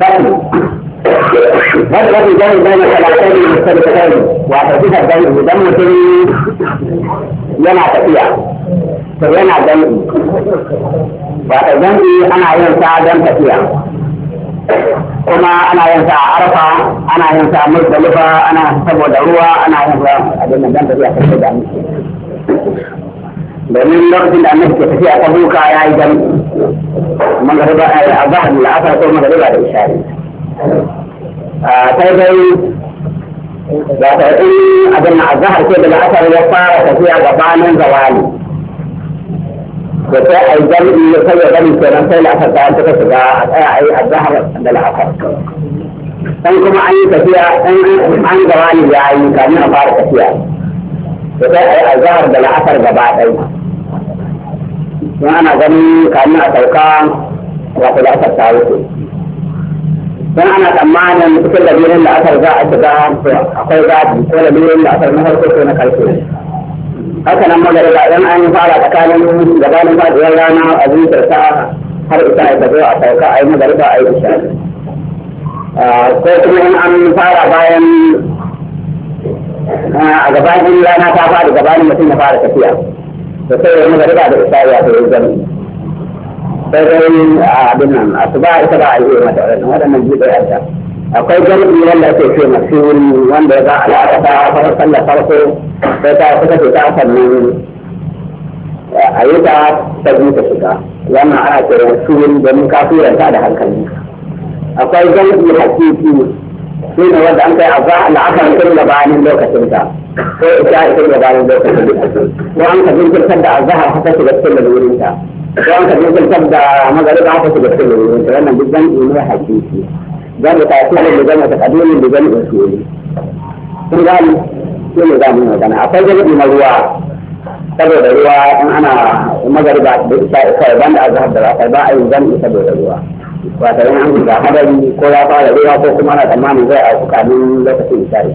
Wani wani gani gani kalatai ne mai wata kusa gani idan yana tafiya, Wata gani ana yin sa tafiya, kuma ana yin sa a arfa, ana yin sa a murtalifa, ana saboda ruwa, ana yin sa a gani don tafiya sai domin lokacin da annabi ke tafiya ta buka ya yi jam magariba a zahar da asar ko magariba da ishari sai dai ba ta in abin a zahar ko da asar ya fara tafiya gabanin zawali da sai a yi jami'i ya kai ya gani kenan sai la'asar ta suka shiga a tsaya a yi a zahar da la'asar dan kuma an yi tafiya an zawali ya yi kamin a fara tafiya da sai a yi a zahar da la'asar gaba ɗaya ana gani kamin a sauka wato da a ta wuce don ana tsammanin cikin lalurin da aka za a shiga akwai zaɓi ko lalurin da aka na harko ko na karfe haka nan magariba don an fara tsakanin gabanin faɗuwar rana a zuciyar ta har isa ya zo a sauka a yi magariba a yi isa ko kuma in an fara bayan a gabanin rana ta faɗi gabanin mutum ya fara tafiya فسير مغرب بعد إساءة يأتي الزمن فإذن أبنهم أصبع إتباع الإيمة مثلا وهذا مجيب الأجل أقول جنب يلا في مسؤول وان بيضاء على أتباع فصلى فرقه فتاخذ تعصب من أيضا تجميك الشكا وما على مسؤول بمكافيرا بعد هالكلمة أقول جنب يحكي فيه وضع أنت أضاع العقل كل بعد لوكة الكلمة وأنت ممكن تبدأ الظهر حتى تبتل الورثة وأنت ممكن تبدأ مغرب حتى تبتل الورثة لأن بالجمع من واحد في فيه جمع تأثير بجمع تقديم بجمع وسيلة ثم قال في نظام من وطنع أفضل من الرواء تبعو الرواء أن أنا مغرب سيبان الظهر دلع سيباع الجمع تبعو الرواء وأتعلم أن هذا كل هذا الرواء فوقما لا تمام زي أو كامل لا تكون شارك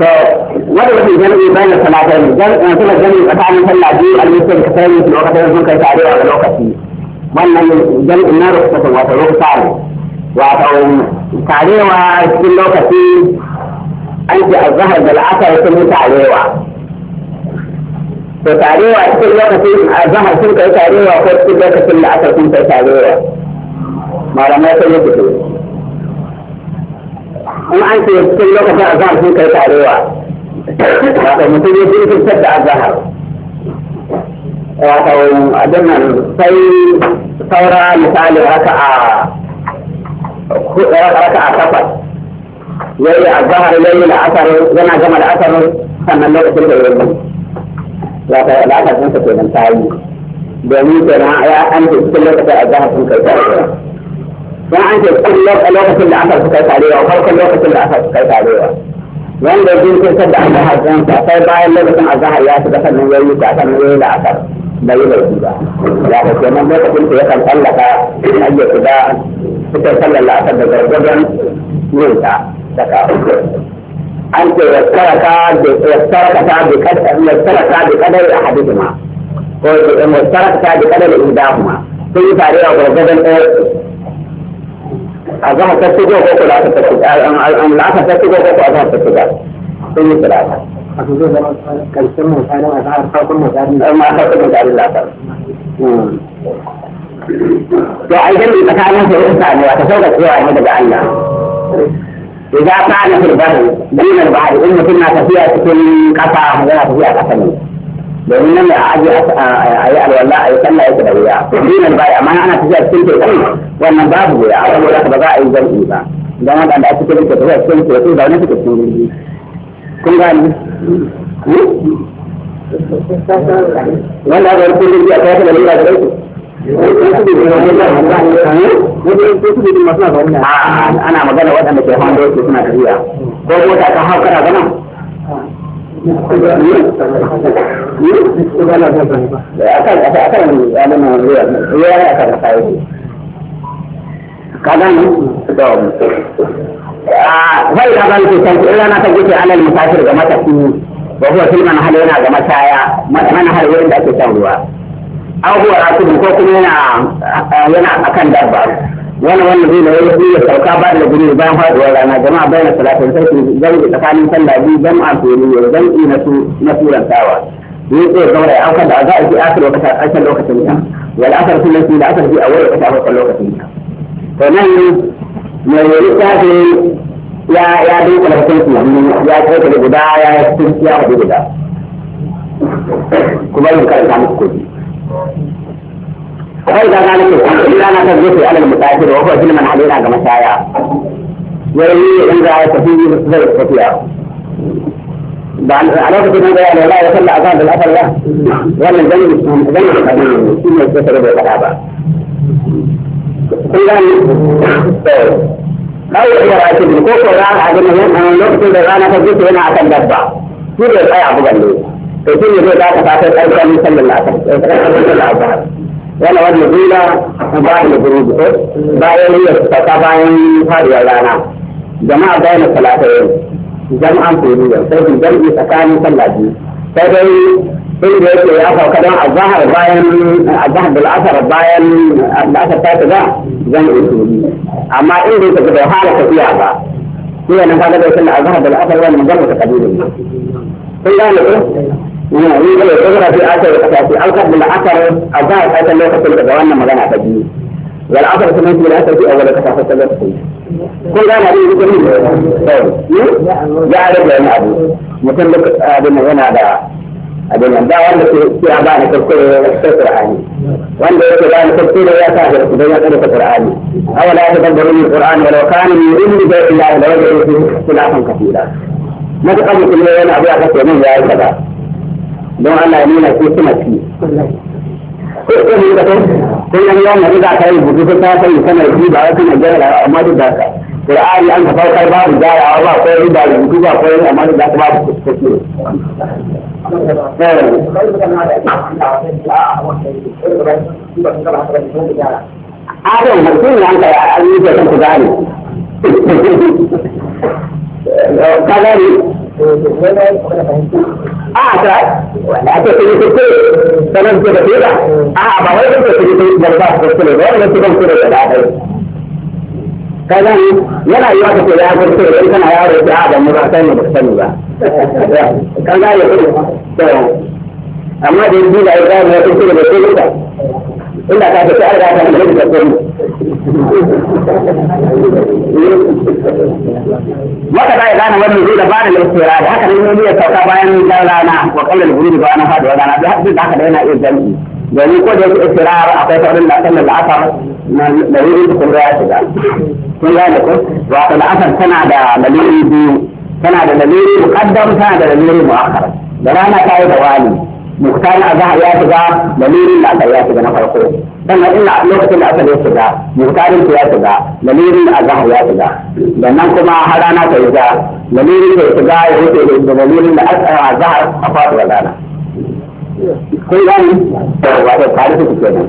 وضرب الجمع بين الصلاتين ثم الجمع فعل صلى به المستكثرين في الوقتين هم كيف عليه على الوقتين wannan jami'in na rukuta wata rukuta ne wato tarewa cikin lokaci an ce azahar da la'asar sun yi tarewa to tarewa cikin lokacin azahar sun kai tarewa ko cikin lokacin la'asar sun kai tarewa malamai sun yi fito in an ce cikin lokacin azahar sun kai tarewa wato mutum ya sun fitar da azahar wato sai saura misali haka a raka a takwas ya yi azahar ya yi la'asar yana gama la'asar sannan lokacin da ya yi wato la'asar sun sa kenan ta yi domin kenan ya an ce cikin lokacin azahar sun kai tarewa فأنت تقول لك الوقت اللي عمل فكرت عليها وفرق الوقت اللي عمل فكرت عليها وين يجين كل سد على ظهر جنب طيب بعد اللي بكون على ظهر ياسر دخل من وين يتعثر من وين العثر لا يبقى كذا لا بس يوم ما تكون في يوم قال لك أي كذا فكر صلى الله عليه وسلم جدا ينفع تكاثر أنت يسترك يسترك بقدر يسترك بقدر أحدهما ويسترك بقدر إحداهما في تعريف غرفة a zama ta shigo ko ko lafa ta shiga ta shigo ko ko a zama ta shiga sun yi a zama a wata sauka cewa ne daga Allah. ana dinar in mutum na tafiya cikin kasa yana tafiya kasa ne. domin nan da aji a yi alwala a yi sallah yake da wuya dinan bai amma ana tafiya cikin teku wannan babu wuya saboda haka ba za a yi zan ba don da ake cikin teku tafiya cikin teku da wani suke cikin jirgi kun gani wanda aka yi cikin jirgi a kai ta da rai ana magana waɗanda ke hawan da suna tafiya ko ta ka hau kana gana kadan da a bai da ban kusan illa na kan yake alal musafir ga matafi wa huwa fil manhal yana ga mataya manhal wurin da ake shan ruwa aw huwa ko kuma yana yana akan dabba wani wannan zai na wani ya sauka ba da guri bayan faɗuwar rana jama'a bayan salatin sai su zange tsakanin sallah biyu jama'a su yi yau zange na su na turantawa ne tsaye kawai an kada a za a ji asar lokacin asar lokacin ta wal asar kullum su da asar bi a wani lokacin a farkon lokacin ta to nan mai yari ta ce ya ya duka da kansu ya kai da guda ya ya guda kuma yin karanta muku kuɗi وغير ذلك إلا ما تثبت على المتأثر وهو جلما علينا كما شايع ويلي إن رأى كثير غير يستطيع على وقت ما قال لا يصلى عذاب الأثر له ولا الجنة جنة القديم فيما يستطيع بالغلابة كل لا يقدر يكتب كوكو قال عدم أن الوقت ده أنا تثبت هنا عشان دبع كل الحياة بقلبي فكل ذلك فاتت أيضا يصلى العصر wani wani zula bayan gurubu bayan yi ta bayan faruwar rana jama'a bayan salatayen jama'an furiya sai su jam'i tsakanin sallah biyu sai dai inda yake ya sauka don azahar bayan azahar da la'asar bayan la'asar ta shiga jam'i turi amma inda yake da wahala tafiya ba shi ne na kaga da sallah azahar da la'asar wani magana ta kabilin ne kun gane ko yanzu da tsogara fi asar tafi alkar da asar a za a kasar lokacin daga wannan magana ta biyu wal asar kuma fi asar fi awwal kafa ta tsogara ko da na yi kuma ne ya rage wani abu mutum da abin da yana da abin da wanda ke ya ba ni kuskure ta qur'ani wanda yake ba ni kuskure ya sa da da ya tsara qur'ani awala ya tadabbaru min qur'ani walau kana min indi da ilahi la wajadu fi khilafan kathira mata kaji kuma yana abu aka ce min ya yi kaza don Allah ne na ko suna ci ko ko ne da ko nan yana da za ka yi bugu ko ta sai kana yi ba wai kana jira amma duk da ka Qur'ani an ka faukar babu jarawa ba ko yi da rubutu ba ko yi amma duk da ka babu kuskure Adam mutum ne an kai an yi da kan ku gane. Ka gane a ta wanda ce kiri kuskure sanar ce da ba? a ba wai kuka kiri kuskure da ba su kuskure ba wanda su kuskure da da dai yana yi wata ce ya kuskure in kana yaro ya a da mu ba da mu ba sani ba kan gane ku to amma da yanzu da da gane ya kuskure da kuskure inda ka ta ta da ta da kuskure maka da gane wannan zai da ba da lafiya da haka nan ne ya sauka bayan rana wa kallal guri ba na faɗi rana da haka da haka da yana iya jami'i domin ko da yake istirar akwai sauran da sallar la'asar da wurin da kun ya shiga kun ga da ku wato la'asar tana da dalili biyu tana da dalili muqaddam tana da dalili mu'akhkhar da rana ta yi da wani muhtar azhar ya shiga dalilin da aka ya shiga na farko sannan ina lokacin da aka ya shiga mutarin ya shiga lamirin da azhar ya shiga nan kuma har rana ta shiga lamirin da shiga ya wuce da lamirin da azhar a faɗuwar rana kun gani wato tare su kenan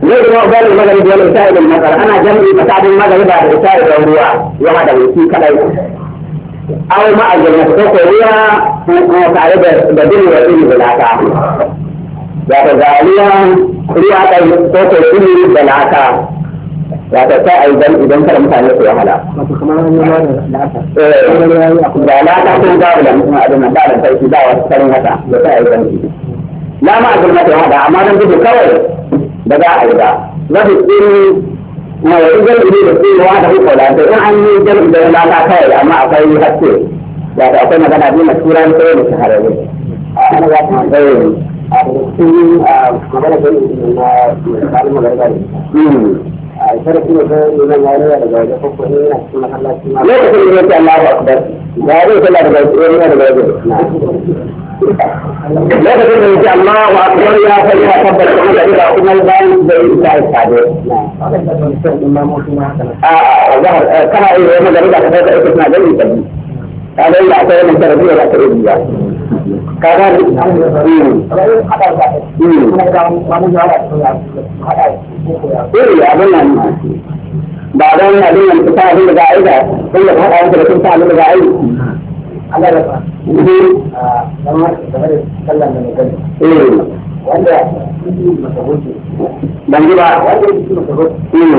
zai zama gani magani da wani sa'id al-masar ana jami'i fasadin magani da da sa'id da ruwa ya hada wuci kadai aw ma'a jami'a ko ko ruwa ko tare da da dinin da dinin da wato ga aliyan riya ta yi koko shiri da lata wato sai a yi dan idan kada mutane su wahala. Wato kamar an yi ba da lata. Da lata ko ba da mutum a dana ba da sarki ba wasu karin haka da sai a yi dan shi. Na ma a gurmata ya hada amma don gudu kawai da za a yi ba. Zafi tsiri na wani jami'i da tsiri wa da hukula da in an yi jami'i da lata kawai amma akwai haske. Wato akwai magana biyu na turanci da shahararru. Ana za ta lokacin da yake Allahu akbar ba zai kalla da gaji wani da gaji lokacin da yake Allahu akbar ya fa ya tabbata kuma da ida kuma bayan da yake ta sade a a zahar kana yi wani da ida ka ta ita tana da ita ka dai da ta yi da ta yi da được cái ừ. cái cái cái cái là là gì, gì Karena itu kan ada ada. Iya benar. Badan ada cái gì ada legai dah. Kalau ada yang kita ada legai. Ada apa? Ini. Nama sebenarnya kalau nama. Iya. Wanda. cái gì Wanda itu masalah. Iya.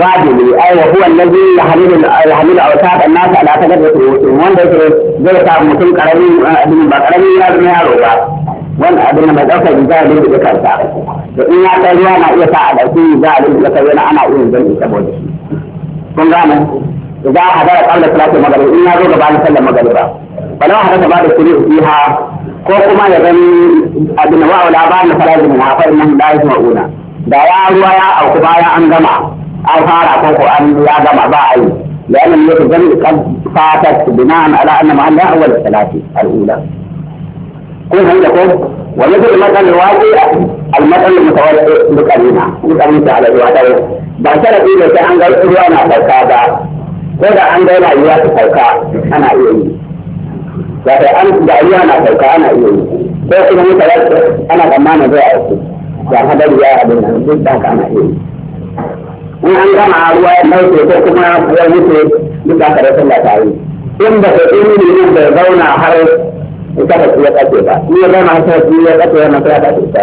واجبي أي وهو الذي يحمل يحمل أوساط الناس على تجربة رؤوسهم وأن ذلك صار مسلم كرمي آه، أبن بكرمي لازم يعرفه وأن أبن ما ذكر بذلك اللي ذكر ذلك فإن أتى أنا يسعد في ذلك اللي ذكر أنا أقول ذلك سبوده كن غانا إذا حضرت قبل صلاة المغرب إن أقول بعد صلاة المغرب فلو حدث بعد الشروع فيها كوكما يغني أبن وأولى بعد صلاة المغرب فإنهم لا يسمعون دعوا رواية أو كبايا أن an fara ko ko an ya gama ba a لأن النية الجمع قد فاتت بناء على أن محلها هو الثلاثة الأولى. كل هذا يقول ومثل المثل الواقع المثل المتوالئ بقرينة بقرينة على الواقع بشرة إذا كان عن غير أنا فرقا با كذا عن غير أيوة فرقا أنا إيه لكن أنا دعية أنا فرقا أنا إيه بس أنا تلاقي أنا كمان غير أيوة يعني هذا يا أبنى جدا أنا إيه in an gama ruwa ya ɗauke ko kuma ya mutu duk za ka da sallah tare in ba ka tsini ne in bai zauna har ka ka ya ƙace ba in ya zauna har sai ya ƙace ya masu ya ɗace ta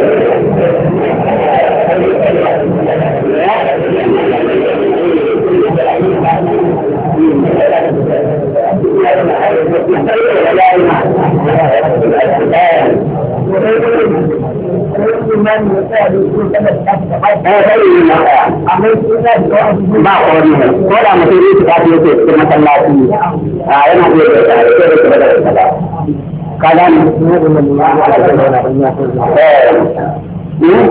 ba kwari ne ko da mutum ne su kafi yake cikin masallaci a yana iya da tsare da tsare da tsare kaga ne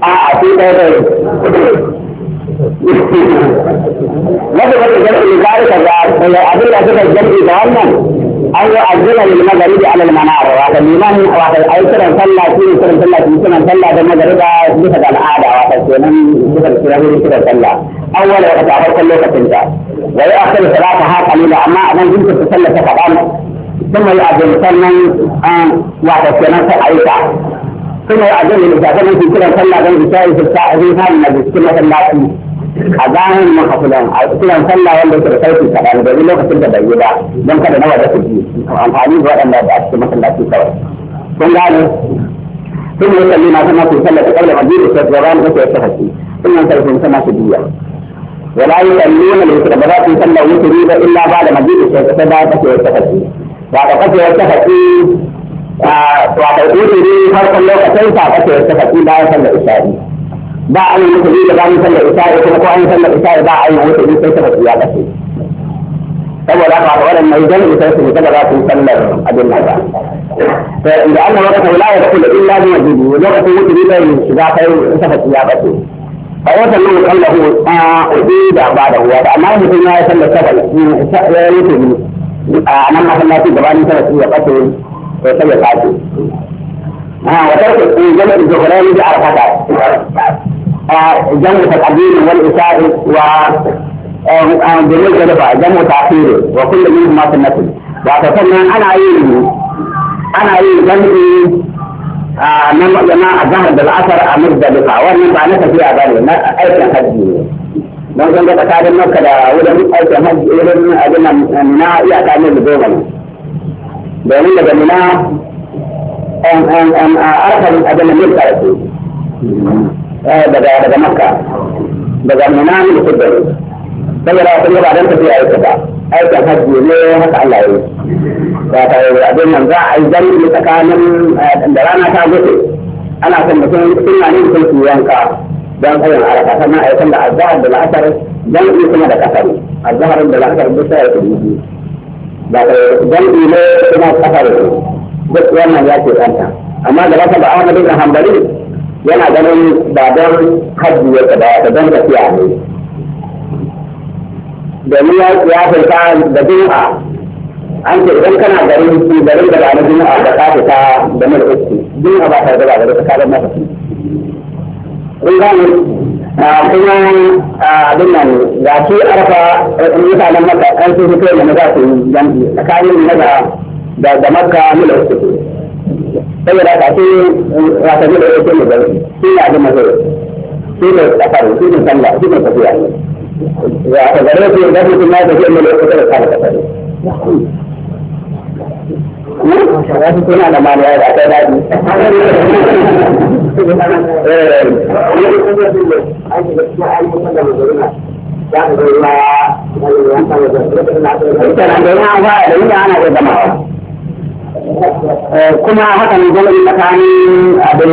a a sai dai نظرة الجمع لذلك أدل أدلة الجمع ظانا أن يؤذن للمغرب على المنار وهذا الإمام وهذا الأيسر صلى فيه سر صلى فيه سر صلى بالمغرب بسد العادة وهذا سنن بسد سنن بسد صلى أول وقت أخر كل وقت انت ويؤخر صلاتها قليلا أما أنا كنت تصلى فقط ثم يؤذن سنن وهذا سنن أيسر suna yi ajiyar da mutane su kiran sallah don su shayi su sa abin hannun da cikin masallaci a zanen mahafulan a kiran sallah wanda su da sauki kaɗan domin lokacin da bai yi ba don kada nawa da su ji amfani da waɗanda ba a cikin masallaci kawai. Kun gane? Sun yi salli na sama su sallah da ƙarfi majibu su da ranar da su yi sahaci. Sun yi salli sun sama su biya. Wala yi salluna da su da ba za su yi sallah wuturi ba illa ba da majibu su da ta ba ta su yi sahaci. Ba da kafin sahaci to a karɓi su ne farkon lokacin sa kake ta tafi bayan sallar isha'i ba a yi mutu da bayan sallar isha'i kuma ko an yi sallar isha'i ba a yi mutu ne sai ta tafi ya kace saboda haka ba wannan mai dan isa su ta ba su sallar abin nan ba to inda Allah ya kace la da kullu illa bi wajhi lokacin mutu ne bai shiga kai saka tafi ya kace a watan nan kallahu a da ba da huwa da amma mutum ya sallar sabal ya yi mutu a nan masallaci gabanin sallar ya kace ويسمي الحاجة آه، ها وترك جمع الذكرين بعرفة آه، جمع التقديم والإشارة و آه، جميع جلبة جمع تعطيله وكل منهما في النسل وأتصلنا أنا أعين أنا أعين جمعي نم جماعة الظهر بالعصر أمد بقى وأنا بعنفة في أبالي أيضا حجي لو كنت أتعلم مكة ولا أيضا حجي إذن أدنى منها إيه أتعلم بقى domin daga nuna an an an a arkan abin da ka yake eh, daga daga makka daga mina ne da kudin saboda kun ba dan tafiya yake ba aikin hajji ne haka Allah ya ba ta yi abin nan za a yi jami'i tsakanin eh, da rana ta gote ana son mutum suna ne mutum su yanka don tsayin arka sannan a yi da zahar da la'asar yi kuma da kasar zahar da la'asar da sai ya kudu ba jam'i ne kuma kafar duk wannan ya ce ɗanta. amma da wata ba Ahmad ibn Hanbali yana ganin ba don hajji ya ba da don tafiya ne domin ya ya fita da jum'a an ce idan kana garin su garin da ba na jum'a da ka fita da mai uku jum'a ba ta da ba da ka ba maka kun gane kuma abin nan ga shi arfa mutanen maka kan su fito da maza su jam'i tsakanin maza da da makka mila uku saboda ka ce rasa mila uku ne gari shi ne abin mazo shi ne tsakar shi ne sallah shi ne tafiya ya ka gare da su na tafiya mila uku da sallah wasu suna da mariya da kai daji kuma hakan gwamnati tsakanin abin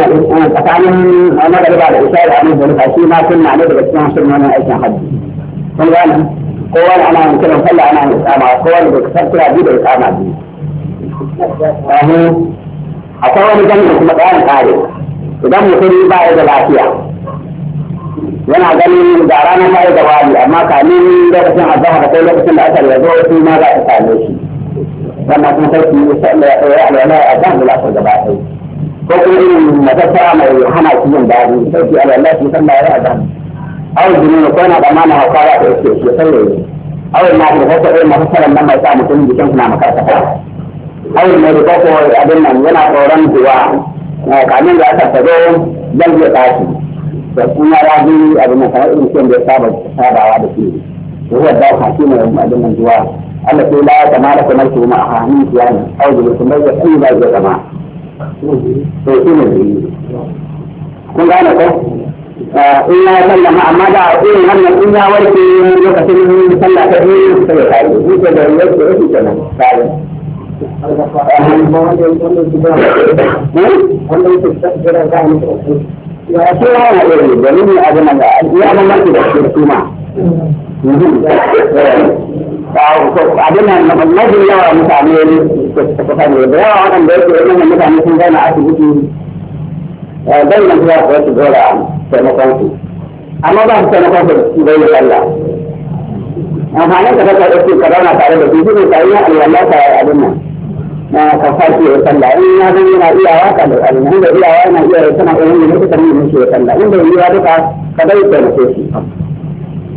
tsakanin magariba da isa da abin da shi ma sunna ne daga cikin shirin wannan aikin hajji kun gane kowa ana kiran sallah ana isama kowa da kasar kira biyu da isama biyu akwai wani ganin kuma tsayan kare idan mutum ba ya da lafiya yana ganin da ranar ba ya da wani amma kamin lokacin azahar ko lokacin da aka yanzu wasu ma za ta same shi wannan kuma sarki ya sa'ila ya tsaye alwala a zan da lafiyar gaba ɗaya ko kuma irin matattara mai hana shi yin daɗi sarki alwala shi san da ya a zan awon jini ko yana da mana hauka ba ta yake shi sai ya yi awon na da fasa irin matattaran nan mai sa mutum jikin suna makarkata awon mai ko ko abin nan yana tsoron zuwa. na eh, kamin da aka tsaro zan iya tashi da kuma ya ji abin nan kamar irin kyan da ya saba sabawa da shi da huwa da ka shine abin nan zuwa Allah sai la kamala kamar su ma a hannun kiyani awon kuma ya tsaya ba ya zama to shi ne kun gane ko eh, in ya sallama amma da irin wannan in ya warke lokacin sallah ta biyu sai ya kai shi ke da yake yake kenan وأشياء هذا الجميل أدنى يعلم ما تدخل فيما abin nan mafi yawa mutane da kusa ne da yawa waɗanda yake waɗannan mutane sun zauna asibiti don nan zuwa kuwa su dora taimakon su amma ba su taimakon su bai da sallah amfanin ka kasa ɗauki ka zauna tare da su shi ne ka yi alwala ka abin nan na kafarki ya sallah in ya zan yana iyawa ka da alƙalin inda iyawa yana iya ya sana ƙoƙarin da suka nuna shi ya sallah inda yiwa duka ka bai ke shi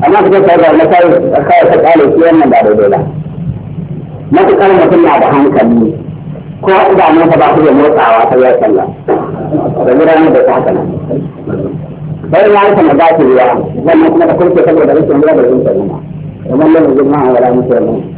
amma ka ta ga na kai ta kale shi wannan ba daidai ba matuƙar mutum na da hankali ko idanunsa ba su da motsawa ta ya sallah da gudanar da ta haka nan bayan ya rasa magana ruwa wannan kuma da kurke saboda rashin da rashin ruwa kamar lalata jama'a wala mutuwa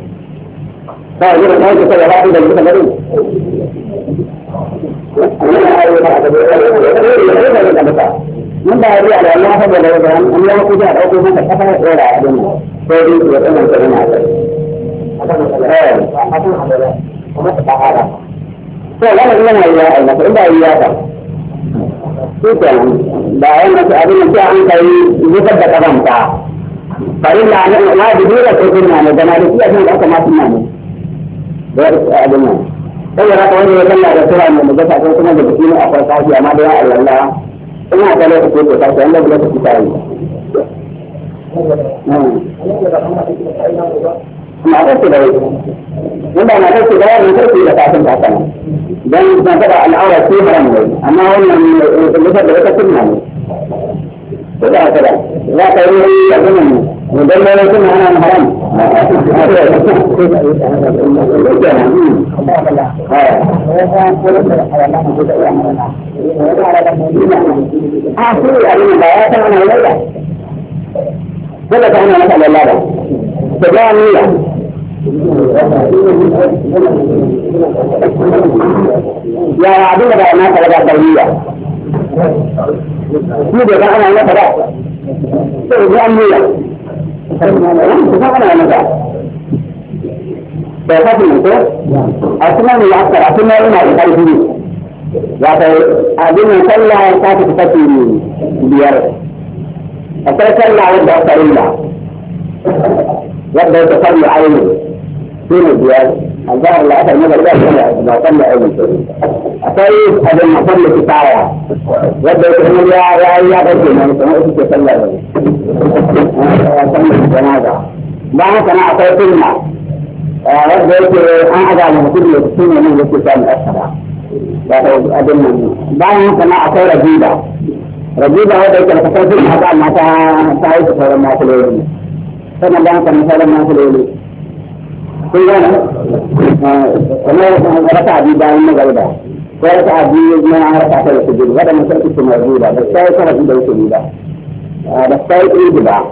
ba ne ba ta da rafi da kuma gari mun ba ya da Allah ta da da an ya ku da dauko maka kafa ya tsora a dinin ko dai ya tsana da ina da eh kuma ta fara to lalle yana yi ya Allah ko ba yi ya ta shikenan ba yana ta abin da an kai zubar da kafan ta bari la na da dole ko kuma ne da na da shi abin da aka ma sunna ne dari adanya. Saya rasa orang yang kena ada surah yang berjaya saya kena ada bersama apa sahaja yang ada Allah Allah. Tengah ada yang berjaya saya kena boleh berjaya. Hmm. Maka sudah itu. Nampak nak sudah itu itu tidak ada sembahkan. Dan nampak ada Allah sih orang ini. Ama orang yang berjaya berjaya semua. Sudah sudah. Nampak orang yang berjaya ودل لو كنا انا الحرام اعطي علينا بياتا انا ليلى ولا كان مثلا لا فجاء ليلى يا عبد الله ما تلقى الدوليه يبقى انا مثلا ليه da ya fi mutu a kuma ne ya tsara kuma yana da ƙarfi ne wato abin sallah ta fi kusa biyar akwai sallah wadda ta rila wadda ta farla ainihin su ne biyar الظاهر اللي اخر مره ده طلع لو طلع اول شيء طيب هذا المحصول في تعالى وده يقول يا يا يا بدي يعني آه، ما يسمعوش يطلع طلع الجنازه بعد انا اعطيتنا آه، وده يقول انا قاعد على كل السنه من الاتصال الاشهر بعد انا اعطيت رجيبه رجيبه هو ده كان فكرت في حاجه ما تعرفش ما تعرفش ما تعرفش ما تعرفش kun gana wannan raka biyu bayan magariba ko raka biyu na raka ta da sujud wadda mun sarki su marzuda ba sai ka rabu da wuce ba da sai ku ba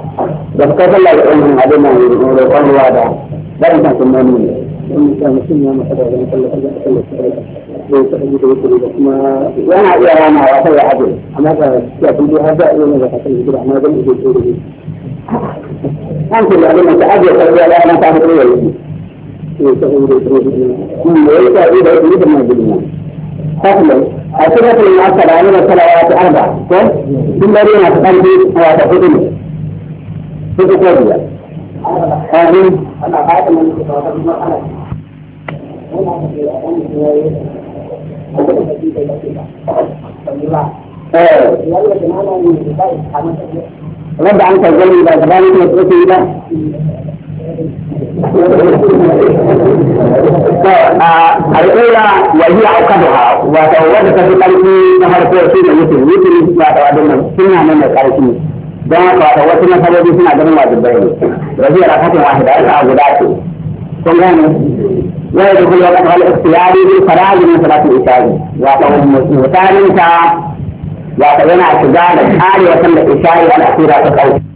da ka sallah da wannan abin nan da kwalwa da dan ta kun nan ne in ka mutum ya masa da wannan sallah da sallah da sallah da kuma yana iya rana wa sai ya aje amma ka ya kun har da irin da ka sallah da amma dan ku ce an ce da abin da aje sai ya rana ta mutum ya yi وليس إذا أريد من الدنيا فصل أسرة الناس سبعين وسبعات أربع ثم بين قلبي وتفضل فتك وجهه هذه أنا بعد من رد عنك الظلم إذا ظلمت وتركه إلى الأولى وهي عقدها وتوجد في قلبي نهر فوسين مثل مثل ما توعدنا سنة من القلبي دون وتوجدنا سبب سنة دون واجبين وهي ركعة واحدة أسعى غداتي كلهم ويدخل وقتها الاختياري بالفراغ من صلاة الإشاء وتوجد مثالي وتوجد شجاع الحالي وسمى الإشاء والأخيرة في قلبي